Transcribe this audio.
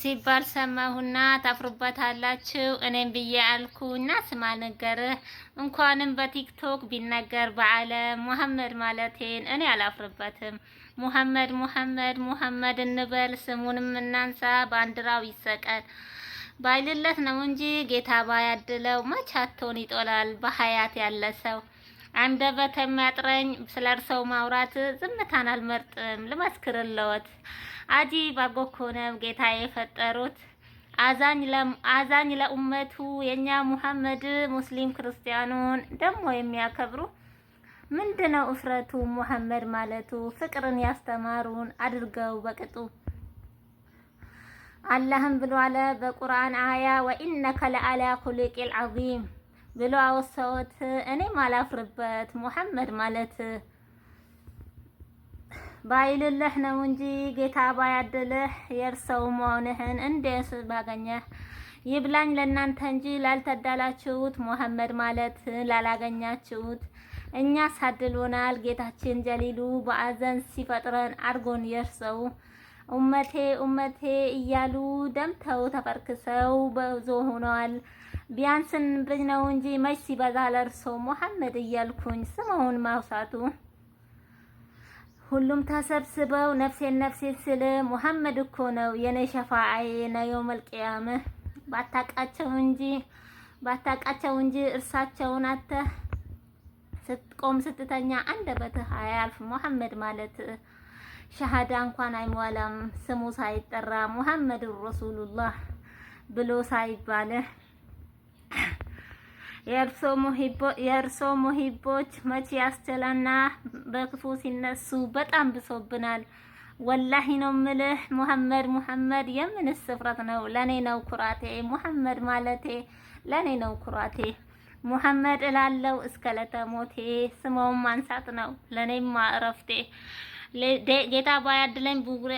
ሲባል ሰማሁና ታፍሩበታላችሁ። እኔም ብዬ አልኩ እና ስማ ነገር እንኳንም በቲክቶክ ቢነገር በዓለም ሙሐመድ ማለቴን እኔ አላፍርበትም። ሙሐመድ ሙሐመድ ሙሐመድ እንበል፣ ስሙንም እናንሳ፣ ባንዲራው ይሰቀል ባይልለት ነው እንጂ ጌታ ባያድለው መቻቶን ይጦላል በሀያት ያለ ሰው አንደበት የሚያጥረኝ ስለ እርሰው ማውራት ዝምታን አልመርጥም። ልመስክርለወት አጂብ አጎኮነም ጌታ የፈጠሩት አዛኝ ለኡመቱ የእኛ ሙሐመድ ሙስሊም ክርስቲያኑን ደግሞ የሚያከብሩ ምንድነው እፍረቱ ሙሐመድ ማለቱ ፍቅርን ያስተማሩን አድርገው በቅጡ አላህም ብሎ አለ በቁርአን አያ ወኢነከ ለአላ ኩሉቂል ዐዚም ብሎ አወሳሁት። እኔም አላፍርበት ሙሐመድ ማለት ባይልልህ ነው እንጂ ጌታ ባያድልህ የእርሰው መሆንህን እንዴት ባገኘህ ይብላኝ ለእናንተ እንጂ ላልተዳላችሁት ሙሐመድ ማለት ላላገኛችሁት እኛ ሳድሎናል ጌታችን ጀሊሉ በአዘን ሲፈጥረን አድርጎን የእርሰው ኡመቴ ኡመቴ እያሉ ደምተው ተፈርክሰው በዞ ሆነዋል። ቢያንስን ብኝ ነው እንጂ መች ሲበዛ ለእርሶ ሙሐመድ እያልኩኝ ስመውን ማውሳቱ ሁሉም ተሰብስበው ነፍሴን ነፍሴን ስል ሙሐመድ እኮ ነው የኔ ሸፋዓዬ ነው የውመል ባታቃቸው እንጂ ባታቃቸው እንጂ እርሳቸውን አተ ስትቆም ስትተኛ አንደበትህ አያልፍ ሙሐመድ ማለት ሸሃዳ እንኳን አይሟላም ስሙ ሳይጠራ ሙሐመድን ረሱሉላህ ብሎ ሳይባለ የእርሶ ሙሂቦች መቼ ያስችለና በክፉ ሲነሱ በጣም ብሶብናል። ወላሂ ነው ምልህ ሙሐመድ ሙሐመድ የምንስ ስፍረት ነው። ለኔ ነው ኩራቴ ሙሐመድ ማለቴ ለኔ ነው ኩራቴ ሙሐመድ እላለው እስከ ለተሞቴ ስመውም ማንሳት ነው ለኔማ እረፍቴ ጌታ ባያድለኝ ቡጉሬ